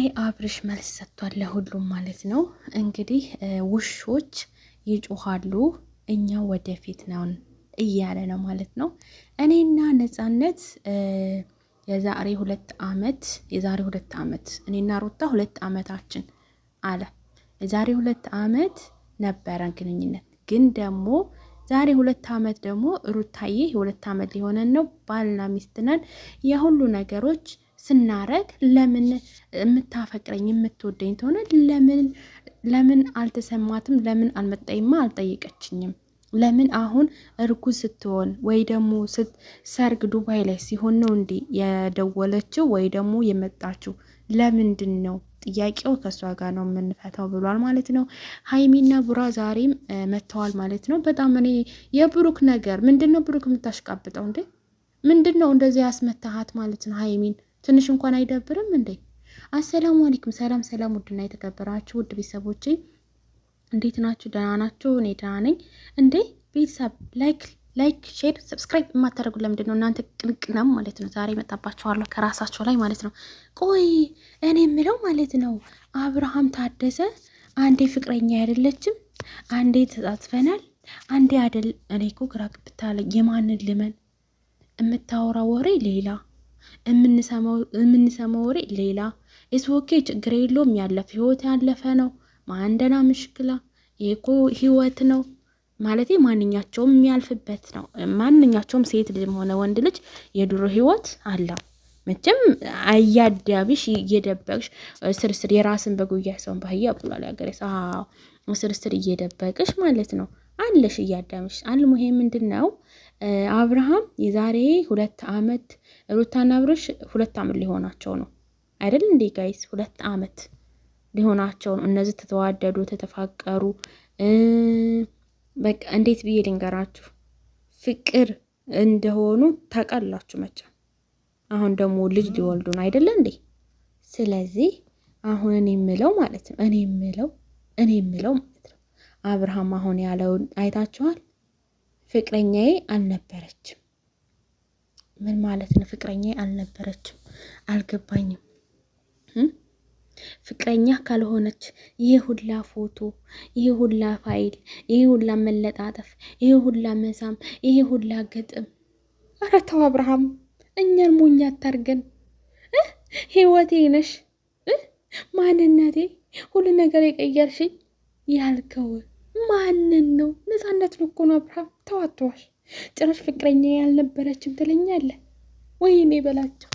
ዛሬ አብርሽ መልስ ሰጥቷል ለሁሉም ማለት ነው። እንግዲህ ውሾች ይጮኻሉ እኛ ወደፊት ነውን እያለ ነው ማለት ነው። እኔና ነፃነት የዛሬ ሁለት ዓመት የዛሬ ሁለት ዓመት እኔና ሩታ ሁለት ዓመታችን አለ። የዛሬ ሁለት ዓመት ነበረ ግንኙነት ግን ደግሞ ዛሬ ሁለት ዓመት ደግሞ ሩታዬ የሁለት ዓመት ሊሆነን ነው ባልና ሚስትነን የሁሉ ነገሮች ስናረግ ለምን የምታፈቅረኝ የምትወደኝ ተሆነ ለምን ለምን አልተሰማትም? ለምን አልመጣኝማ? አልጠየቀችኝም? ለምን አሁን እርጉዝ ስትሆን ወይ ደግሞ ሰርግ ዱባይ ላይ ሲሆን ነው እንዴ የደወለችው ወይ ደግሞ የመጣችው? ለምንድን ነው ጥያቄው ከእሷ ጋር ነው የምንፈታው ብሏል ማለት ነው። ሀይሚና ቡራ ዛሬም መጥተዋል ማለት ነው። በጣም እኔ የብሩክ ነገር ምንድን ነው? ብሩክ የምታሽቃብጠው እንዴ ምንድን ነው? እንደዚህ ያስመታሃት ማለት ነው ሀይሚን ትንሽ እንኳን አይደብርም እንዴ? አሰላሙ አለይኩም። ሰላም ሰላም፣ ውድና የተከበራችሁ ውድ ቤተሰቦቼ እንዴት ናችሁ? ደህና ናችሁ? እኔ ደህና ነኝ። እንዴ ቤተሰብ ላይክ ላይክ ሼር ሰብስክራይብ የማታደርጉ ለምንድን ነው እናንተ? ቅንቅናም ማለት ነው። ዛሬ መጣባችኋለሁ ከራሳቸው ላይ ማለት ነው። ቆይ እኔ የምለው ማለት ነው አብርሃም ታደሰ አንዴ ፍቅረኛ አይደለችም፣ አንዴ ተጻጽፈናል፣ አንዴ አደል። እኔ እኮ ግራ ገብታለኝ። የማንን ልመን? የምታወራ ወሬ ሌላ የምንሰማው ወሬ ሌላ። ኢስቦኬ ችግር የለውም ያለፈ ህይወት ያለፈ ነው። ማንደና ምሽክላ ይኮ ህይወት ነው ማለት ማንኛቸውም የሚያልፍበት ነው። ማንኛቸውም ሴት ልጅም ሆነ ወንድ ልጅ የድሮ ህይወት አለው። መቼም አያዳብሽ እየደበቅሽ ስርስር የራስን በጉያ ሰውን ባህያ ብሏል ያገሬ ስርስር እየደበቅሽ ማለት ነው አለሽ እያዳምሽ አልሙሄ ምንድን ነው አብርሃም የዛሬ ሁለት ዓመት ሩታና አብርሽ ሁለት ዓመት ሊሆናቸው ነው አይደል እንዴ ጋይስ? ሁለት ዓመት ሊሆናቸው ነው። እነዚህ ተተዋደዱ፣ ተተፋቀሩ። በቃ እንዴት ብዬ ልንገራችሁ ፍቅር እንደሆኑ ታውቃላችሁ መቼም። አሁን ደግሞ ልጅ ሊወልዱ ነው አይደለ እንዴ? ስለዚህ አሁን እኔ የምለው ማለት ነው እኔ የምለው እኔ የምለው ማለት ነው አብርሃም አሁን ያለውን አይታችኋል ፍቅረኛዬ አልነበረችም። ምን ማለት ነው? ፍቅረኛዬ አልነበረችም? አልገባኝም። ፍቅረኛ ካልሆነች ይህ ሁላ ፎቶ፣ ይህ ሁላ ፋይል፣ ይህ ሁላ መለጣጠፍ፣ ይህ ሁላ መሳም፣ ይህ ሁላ ገጥም። ኧረ ተው አብርሃም፣ እኛን ሞኝ አታርገን። ህይወቴ ነሽ፣ ማንነቴ፣ ሁሉ ነገር የቀየርሽኝ ያልከውን ማንን ነው? ነፃነትን እኮ ነው አብርሃም። ተዋተዋል? ጭራሽ ፍቅረኛ ያልነበረችም ትለኛለህ። ወይኔ በላቸው፣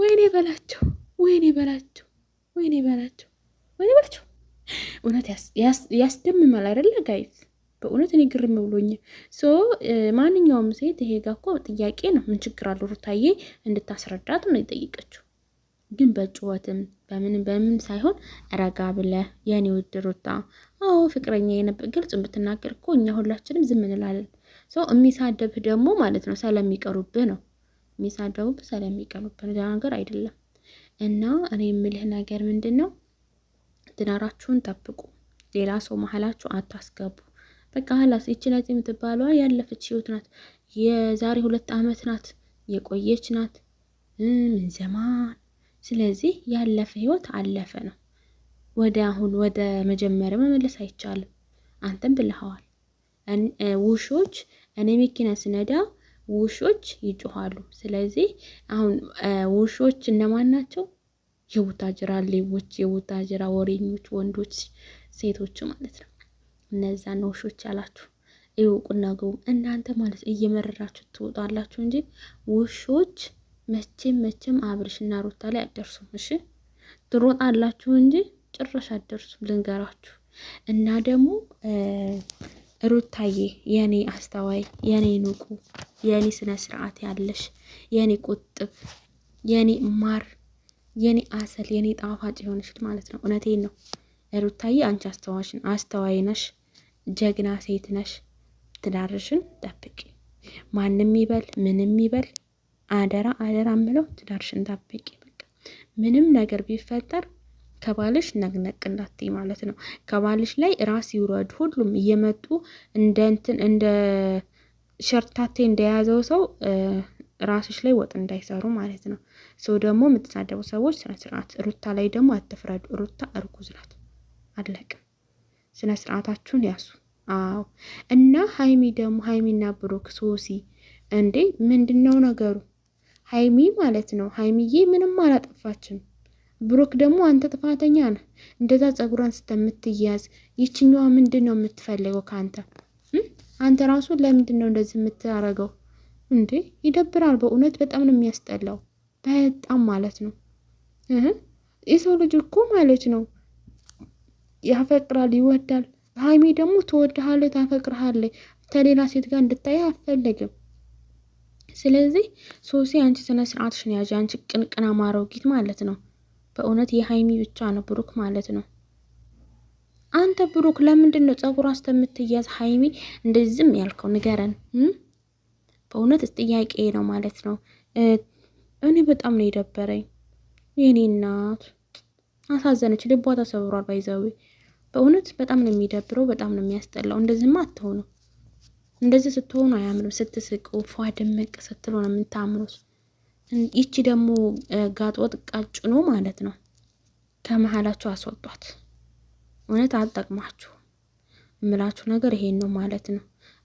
ወይኔ በላቸው፣ ወይኔ በላቸው፣ ወይኔ በላቸው፣ ወይኔ በላቸው። እውነት ያስደምማል አይደለ ጋይዝ? በእውነት እኔ ግርም ብሎኝ ሶ ማንኛውም ሴት ይሄ ጋ እኮ ጥያቄ ነው። ምን ችግር አለው? ሩታዬ እንድታስረዳት ነው የጠየቀችው። ግን በጭወትም በምን በምን ሳይሆን ረጋ ብለ የኔ ውድ ሩታ፣ አዎ ፍቅረኛ የነበ ግልጽ ብትናገር እኮ እኛ ሁላችንም ዝም እንላለን። ሰው የሚሳደብህ ደግሞ ማለት ነው ስለሚቀሩብህ ነው። የሚሳደቡብህ ስለሚቀሩብህ ነው። ነገር አይደለም እና እኔ የምልህ ነገር ምንድን ነው፣ ትዳራችሁን ጠብቁ። ሌላ ሰው መሀላችሁ አታስገቡ። በቃ ሀላስ ነጽ የምትባለዋ ያለፈች ህይወት ናት። የዛሬ ሁለት አመት ናት፣ የቆየች ናት። ምን ዘማን ስለዚህ ያለፈ ህይወት አለፈ ነው። ወደ አሁን ወደ መጀመሪያ መመለስ አይቻልም። አንተም ብልሃዋል። ውሾች እኔ መኪና ስነዳ ውሾች ይጮኋሉ። ስለዚህ አሁን ውሾች እነማን ናቸው? የቡታጅራ ሌቦች፣ የቡታጅራ ወሬኞች፣ ወንዶች፣ ሴቶች ማለት ነው። እነዛን ውሾች ያላችሁ ይውቁና ግቡ። እናንተ ማለት እየመረራችሁ ትወጣላችሁ እንጂ ውሾች መቼም መቼም አብርሽና ሩታ ላይ አደርሱም። እሺ ትሮጥ አላችሁ እንጂ ጭራሽ አደርሱም። ልንገራችሁ እና ደግሞ ሩታዬ የኔ አስተዋይ፣ የኔ ንቁ፣ የኔ ስነ ስርዓት ያለሽ፣ የኔ ቁጥብ፣ የኔ ማር፣ የኔ አሰል፣ የኔ ጣፋጭ የሆነሽ ማለት ነው። እውነቴን ነው ሩታዬ፣ አንቺ አስተዋሽን አስተዋይ ነሽ፣ ጀግና ሴት ነሽ። ትዳርሽን ጠብቂ። ማንም ይበል ምንም ይበል አደራ አደራ ምለው ትዳርሽ እንዳበቂ በቃ ምንም ነገር ቢፈጠር ከባልሽ ነቅነቅ እንዳትይ ማለት ነው። ከባልሽ ላይ ራስ ይውረድ። ሁሉም እየመጡ እንደ እንትን እንደ ሸርታቴ እንደያዘው ሰው ራስሽ ላይ ወጥ እንዳይሰሩ ማለት ነው። ሰው ደግሞ የምትሳደቡ ሰዎች ስነ ስርዓት። ሩታ ላይ ደግሞ አትፍረዱ። ሩታ እርጉዝ ናት። አለቅም። ስነ ስርዓታችሁን ያሱ። አዎ እና ሀይሚ ደግሞ ሀይሚና ብሩክ ሶሲ እንዴ ምንድን ነው ነገሩ? ሀይሚ ማለት ነው። ሀይሚዬ ምንም አላጠፋችም። ብሩክ ደግሞ አንተ ጥፋተኛ ነህ። እንደዛ ጸጉሯን ስተምትያዝ ይችኛዋ ምንድን ነው የምትፈልገው ከአንተ? አንተ ራሱ ለምንድን ነው እንደዚህ የምታረገው እንዴ? ይደብራል። በእውነት በጣም ነው የሚያስጠላው። በጣም ማለት ነው። የሰው ልጅ እኮ ማለት ነው ያፈቅራል፣ ይወዳል። ሀይሚ ደግሞ ትወድሃለች፣ ታፈቅርሃለች። ከሌላ ሴት ጋር እንድታይ አፈልግም። ስለዚህ ሶሲ አንቺ ስነ ስርዓትሽን ያዥ፣ አንቺ ቅንቅና ማረውጊት ማለት ነው። በእውነት የሀይሚ ብቻ ነው ብሩክ ማለት ነው። አንተ ብሩክ ለምንድን ነው ጸጉሯ እስከምትያዝ ሀይሚ እንደዚህም ያልከው ንገረን። በእውነት ጥያቄ ነው ማለት ነው። እኔ በጣም ነው የደበረኝ። የኔ እናት አሳዘነች፣ ልቧ ተሰብሯል። ባይዘዊ በእውነት በጣም ነው የሚደብረው፣ በጣም ነው የሚያስጠላው። እንደዚህማ አትሆኑ። እንደዚህ ስትሆኑ አያምርም። ስትስቁ ፏ ድምቅ ስትሉ ነው የምታምሩት። ይቺ ደግሞ ጋጥወጥ ቃጭኖ ማለት ነው። ከመሀላችሁ አስወጧት። እውነት አልጠቅማችሁ እምላችሁ ነገር ይሄን ነው ማለት ነው።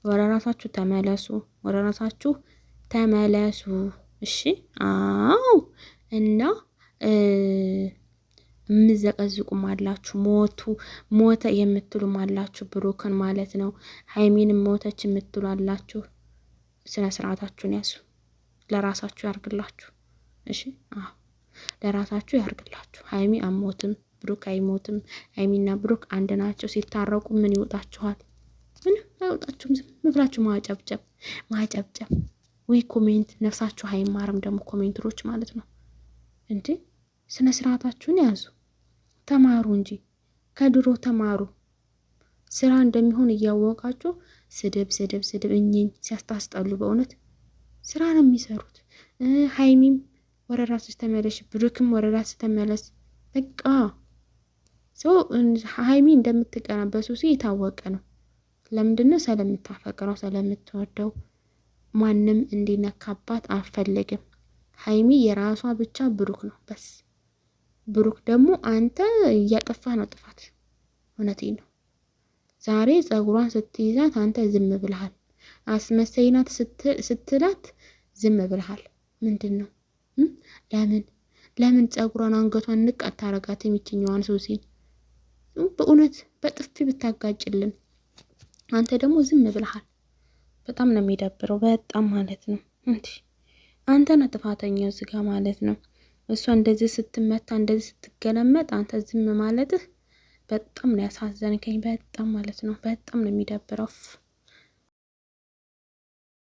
ወደ ራሳችሁ ተመለሱ። ወደ ራሳችሁ ተመለሱ። እሺ። አዎ እና ምዘቀዝቁም አላችሁ፣ ሞቱ ሞተ የምትሉም አላችሁ። ብሩክን ማለት ነው። ሀይሚንም ሞተች የምትሉ አላችሁ። ስነ ስርዓታችሁን ያዙ። ለራሳችሁ ያርግላችሁ። እሺ፣ አዎ ለራሳችሁ ያርግላችሁ። ሀይሚ አሞትም ብሩክ አይሞትም። ሀይሚና ብሩክ አንድ ናቸው። ሲታረቁ ምን ይወጣችኋል? ምንም አይወጣችሁም። ዝም ብላችሁ ማጨብጨብ ማጨብጨብ። ወይ ኮሜንት ነፍሳችሁ አይማርም ደግሞ ኮሜንትሮች ማለት ነው እንዴ ስነ ስርዓታችሁን ያዙ፣ ተማሩ እንጂ ከድሮ ተማሩ። ስራ እንደሚሆን እያወቃችሁ ስድብ ስድብ ስድብ እኝኝ ሲያስታስጠሉ በእውነት ስራ ነው የሚሰሩት። ሀይሚም ወረዳ ስተመለሽ ብሩክም ወረዳ ስተመለስ በቃ ሰው ሀይሚ እንደምትቀናበሱ ሲ የታወቀ ነው። ለምንድነው? ስለምታፈቅረው ስለምትወደው ማንም እንዲነካባት አልፈልግም። ሀይሚ የራሷ ብቻ ብሩክ ነው በስ ብሩክ ደግሞ አንተ እያጠፋህ ነው ጥፋት። እውነቴ ነው። ዛሬ ጸጉሯን ስትይዛት አንተ ዝም ብልሃል። አስመሰይናት ስትላት ዝም ብልሃል። ምንድን ነው ለምን ለምን ጸጉሯን አንገቷን ንቅ አታረጋት? የሚችኛዋን ሰው ሲል በእውነት በጥፊ ብታጋጭልን አንተ ደግሞ ዝም ብልሃል። በጣም ነው የሚደብረው። በጣም ማለት ነው አንተ ነህ ጥፋተኛው ስጋ ማለት ነው። እሷ እንደዚህ ስትመታ እንደዚህ ስትገለመጥ አንተ ዝም ማለትህ በጣም ነው ያሳዘንከኝ። በጣም ማለት ነው፣ በጣም ነው የሚደብረው።